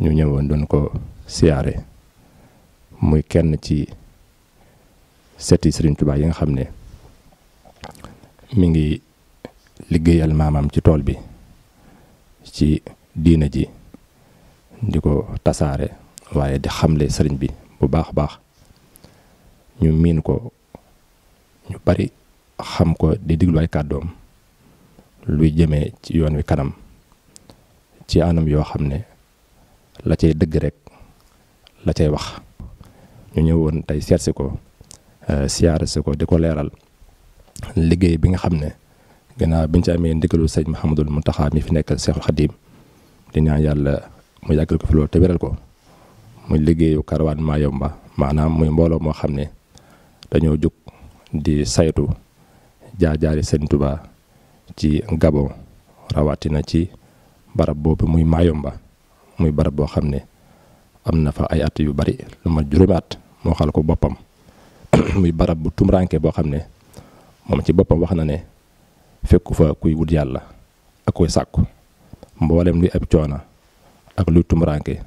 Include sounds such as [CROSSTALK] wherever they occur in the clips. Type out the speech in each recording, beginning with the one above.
ñu ñëwoon doon ko siyaare muy kenn ci seti Serigne Touba yi nga xam ne mi ngi liggéeyal maamam ci tool bi ci diina ji di ko tasaare waaye di xamle sëriñ bi bu baax baax ñu miin ko ñu bari xam ko di diglu ay kàddoom luy jëmee ci yoon wi kanam ci anam yoo xam ne la cay dëgg rek la cay wax ñu ñëw woon tey seet si ko euh, siyaare si ko di ko leeral liggéey bi nga xam ne gannaaw biñ ci amee ndigalul sëñ mu Mountakha mi fi nekkal Seexul Xadiim di ñaan yàlla mu yàggal ko fi loolu te wéral ko muy liggéeyu karawaan Mayumba maanaam muy mbooloo moo xam ne dañoo jóg di saytu jaar-jaari sëñ tuba ci Gabon rawatina ci barab boobu muy Mayumba muy barab boo xam ne am na fa ay at yu bari lu ma juróomi at moo xal ko boppam [CLEARS THROAT] muy barab bu tumranke boo xam ne moom ci boppam wax na ne fekku fa kuy wut yàlla ak koy sàkku mboolem luy ab coona ak luy tumranke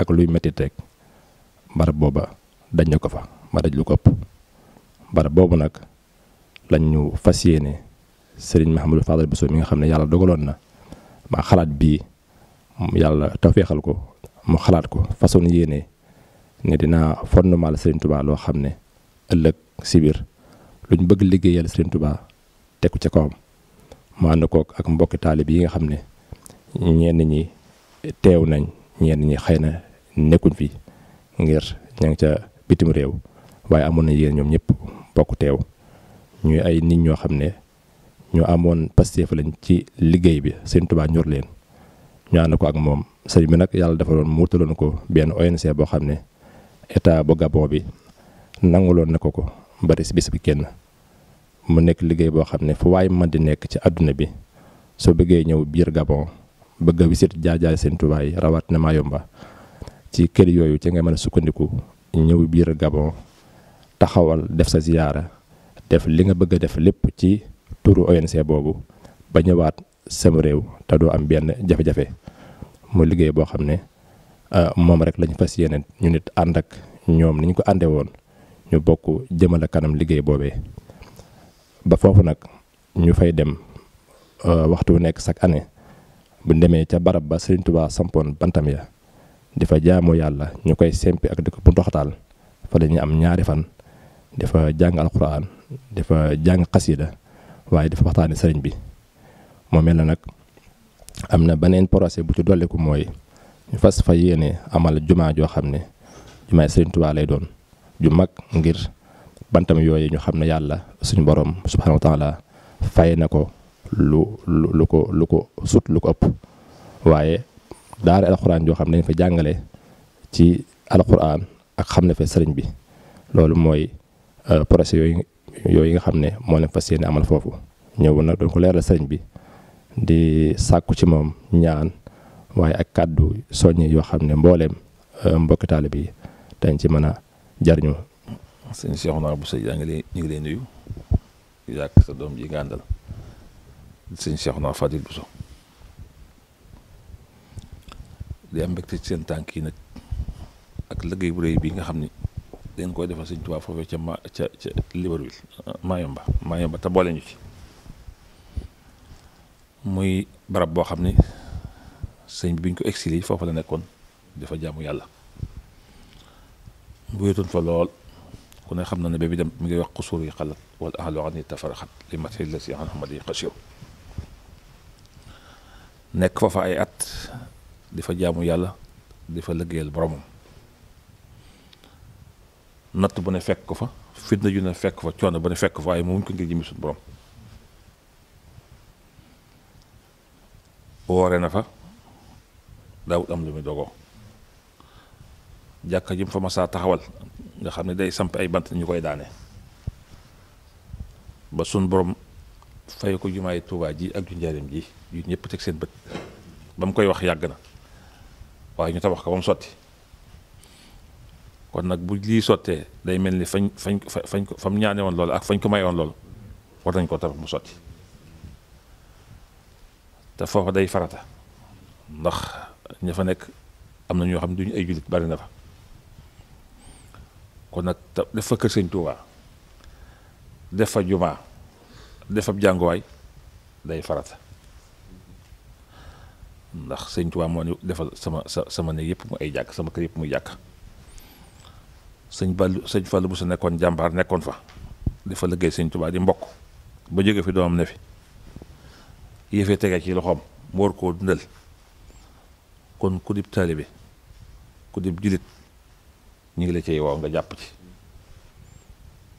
ak luy mettiteeg barab booba dañ ko fa ma daj lu ko ëpp barab boobu nag lañ ñu fas yéene Serigne Mahamadou Fadal Bousso mi nga xam ne yàlla dogaloon na ma xalaat bii yàlla tawféexal ko mu xalaat ko façon yéene ne dinaa fondement Serigne Touba loo xam ne ëllëg sibir biir lu ñu bëgg liggéeyal Serigne Touba teg ko ca kawam mu ànd koog ak mbokki taalib yi nga xam ne ñeen ñi teew nañ ñenn ñi xëy na nekkuñ fi ngir ña ca bitim réew waaye amoon na yéen ñoom ñëpp bokk teew ñuy ay nit ñoo xam ne ñu amoon pasteef lañ ci liggéey bi Serigne Touba ñor leen. ñu ànd ko ak moom sëriñ bi nag yàlla defaloon mu wutaloon ko benn ONC boo xam ne état bu Gabon bi nanguloon na ko ko bari si bi kenn mu nekk liggéey boo xam ne fu waay mën di nekk ci àdduna bi soo bëggee ñëw biir Gabon bëgg a wisit jaajaay seen tubaay rawat na Mayomba ci kër yooyu ci nga mën a sukkandiku ñëw biir Gabon taxawal def sa ziyaara def li nga bëgg def lépp ci turu ONC boobu ba ñëwaat sama réew te du am benn jafe-jafe mu liggéey boo xam ne euh, moom rek lañu fas yéene ñu nit ànd ak ñoom ni ko àndee woon ñu bokk jëmale kanam liggéey boobee ba foofu nag ñu fay dem euh, waxtu wu nekk chaque année bu demee ca barab ba Serigne Touba sampoon bantam ya di fa jaamu yàlla ñu koy sempi ak di ko bu ndoxataal fa la am ñaari fan dafa jàng alxuraan dafa jàng xasida waaye dafa waxtaane sëriñ bi moo mel na nag am na beneen projet bu ci dolliku mooy ñu fas fa yéene amal jumaa joo xam ne jumaay Sëriñ Tuubaa lay doon ju mag ngir bantam yooyu ñu xam ne yàlla suñu borom subhaana wa taala fay na ko lu lu ko lu ko sut lu ko ëpp waaye daara alxuraan joo xam ne dañ fa jàngale ci alxuraan ak xam ne fa sëriñ bi loolu mooy euh, projet yooyu yooyu nga xam ne moo leen fas yéene amal foofu ñëw nag doon ko leeral sëriñ bi di sàkku ci moom ñaan waaye ak kàddu soññi yoo xam ne mbooleem euh, mbokki taalibe bi dañ ci mën a jariñu sëñ Cheikh Naar bu sa yaa ngi lay ñu ngi lay nuyu yàgg sa doom ji nga àndal sëñ Cheikh Naar so Bousso di am mbégte ci seen tànk yi nag ak liggéey bu réy bi nga xam ni dañ koy defal sëñ Tuubaa foofee ca ma ca ca Libreville Mayumba Mayumba te boole ñu muy barab boo xam ni sëñ bi buñ ko exilé foofu la nekkoon dafa jaamu yàlla wéetoon fa lool ku ne xam na ne bi dem mu ngi wax xusuur yi xalat wala ahlu an tafaraxat li mat la si anxamad yi xasiw nekk foofa ay at di fa jaamu yàlla di fa liggéeyal boromam natt bu ne fekk ko fa fitna ju ne fekk fa coono bu ne fekk fa waaye mu muñ ko ngir jëmi suñu borom boo waree na fa daawut am lu muy dogoo jàkka ji mu fa masaa taxawal nga xam ne day samp ay bant ñu koy daane ba sun borom fay ko jumaay Tuubaa ji ak ju njaareem ji yu ñëpp teg seen bët ba mu koy wax yàgg na waaye ñu tabax ko ba mu sotti kon nag bu lii sottee day mel ni fañ fañ fañ ko fa mu ñaane woon loolu ak fañ ko may woon loolu war nañ koo tabax mu sotti te foofa day farata ndax ña fa nekk am na ñoo xam ne duñu ay jullit bari na fa kon nag def fa kër sëñ Tuubaa def fa jumaa def fa jànguwaay day farata ndax sëñ Tuubaa moo defal sama sa sama ne yëpp mu ay jàkk sama kër yëpp muy jàkk sëñ Fallu sëñ Fallu bu sa nekkoon jàmbaar nekkoon fa dafa liggéey sëñ Tuubaa di mbokk ba jóge fi doomam ne fi yëfee tege ci loxoom mu war koo dundal kon ku dib taalibe ku dib jullit ñu ngi la cay woo nga jàpp ci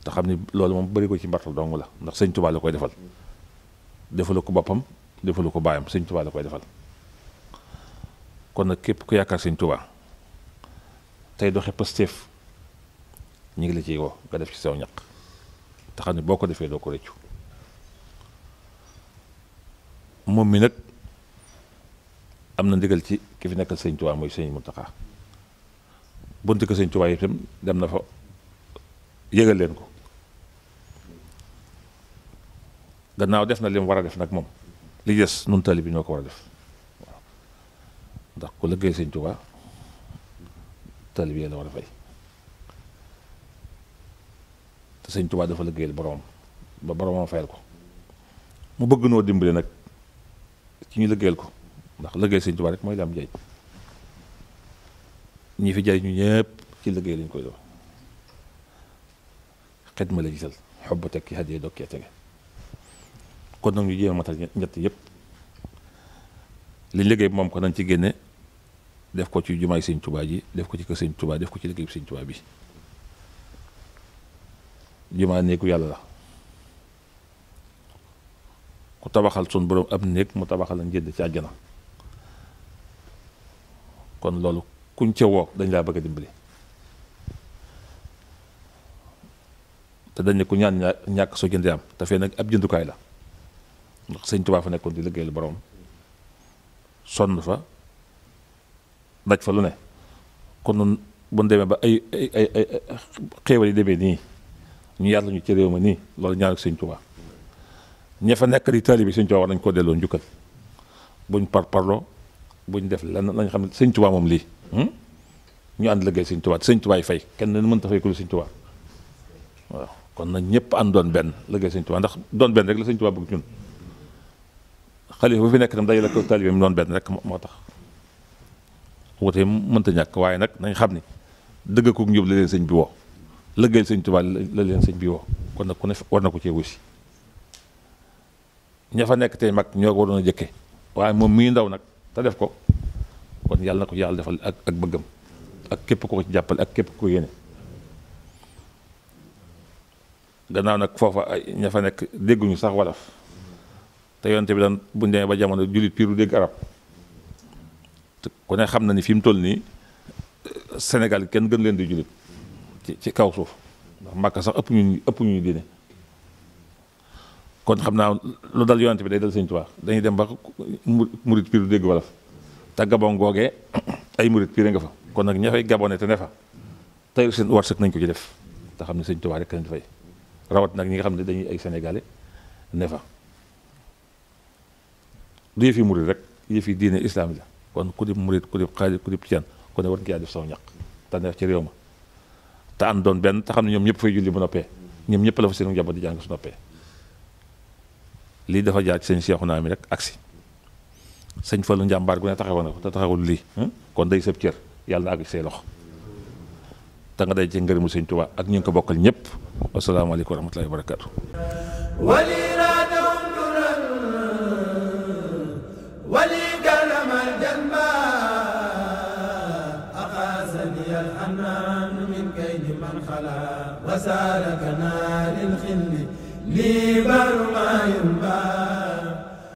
te xam ni loolu moom bëri ko ci mbartal dong la ndax sëñ Tuubaa la koy defal defalu ko boppam defalu ko baayam sëñ Tuubaa la koy defal kon nag képp ku yaakaar sëñ Tuubaa tey doxe Pastef ñu ngi la ciy woo nga def ci saw ñaq te xam ne boo ko defee doo ko rëccu moom mi nag am na ndigal ci ki fi nekkal sëñ Tuubaa mooy sëñ Muntaxa buntu ko sëñ Tuubaa itam dem na fa yëgal leen ko gannaaw def na li war a def nag moom li des nun tali bi ñoo ko war a def ndax ku liggéey sëñ Tuubaa tali bi la war a fay te sëñ Tuubaa dafa liggéeyal boroomam ba boroomam fayal ko mu bëgg noo dimbali nag ci ñu lëggeel ko ndax lëggeel sëñ Tuubaa rek mooy la am njëriñ ñi fi jëriñu ñëpp ci lëggeel lañ koy doon xet ma la gisal xob ba teg ki xajee doog kee tege kon nag ñu jéem matal ñett yëpp liñ liggéey moom ko nañ ci génne def ko ci jumaay sëñ Tuubaa ji def ko ci kër sëñ Tuubaa def ko ci liggéey sëñ Tuubaa bi jumaa néegu yàlla la ku tabaxal sun borom ab néeg mu tabaxal la njëdd ci àjjana kon loolu kuñ ca wook dañ laa bëgg a dimbali te dañ ne ku ñaan ñàkk soo jëndee am te fee nag ab jëndukaay la ndax sëñ Tuubaa fa nekkoon di liggéeyal boroom sonn fa daj fa lu ne kon nun bu ñu demee ba ay ay ay xéewal yi demee nii ñu yàlla ñu ci réew ma nii loolu ñaan ak sëñ Tuubaa ña fa nekk di taalibe sëñ Tuubaa war nañ koo delloo njukkal buñ par parloo buñ def lan lañ xam ne sëñ Tuubaa moom lii hmm? ñu ànd liggéey sëñ Tuubaa sëñ Tuubaa yi fay kenn leen mën ta fay ku sëñ Tuubaa waaw kon nag ñëpp ànd doon benn liggéey sëñ Tuubaa ndax doon benn rek la sëñ Tuubaa bëgg ñun xalifa bu fi nekk tam day la ko taalibe mu doon benn rek moo tax wute mënta ñàkk waaye nag nañ xam ni dëgg ko njub la leen sëñ bi woo liggéey sëñ Tuubaa la leen bi woo kon nag ku ne war na ko cee wusi ña fa nekk tey mag ñoo ko waroon a jëkke waaye moom mii ndaw nag te def ko kon yàlla ko yàlla defal ak ak bëggam ak képp ko ci jàppale ak képp ko yéene gannaaw nag foofa ay ña fa nekk dégguñu sax wolof te yonte bi daan buñ demee ba jamono jullit piir du dégg arab te ku xam na ni fi mu toll nii Sénégal kenn gën leen di jullit ci ci kaw suuf ndax Màkka sax ëpp ñu ëpp ñu diine kon xam naa lu dal yonent bi day dal sëñ Tuubaa dañuy dem ba murit piir dégg wolof te gabon googee [CLEARS THROAT] ay murit piir nga fa kon nag ña fay gabone te fa tey seen warsëg nañ ko ci def te ne sëñ Tuubaa rek lañ fay rawat ñi nga xam ne dañuy ay sénégalais ne fa du yëfi murit rek yëfi diine islam la kon ku di murit ku di xaadir ñaq te ci réew ma te ànd doon benn te xam ne ñoom ñëpp julli bu noppee ñoom ñëpp la fa seen njaboot di jàng su noppee lii dafa jaaj sëñ Cheikhouna mi rek agsi sëñ Fallou njàmbaar gu ne taxawoon na ko te taxawul lii kon day sëb cër yàlla na àgg ci say loxo te nga day ci ngërëmu sëñ Tuubaa ak ñu ngi ko bokkal ñëpp wasalaamaaleykum wa rahmatullahi wa barakaatu وسالك نار الخلد li barma yumba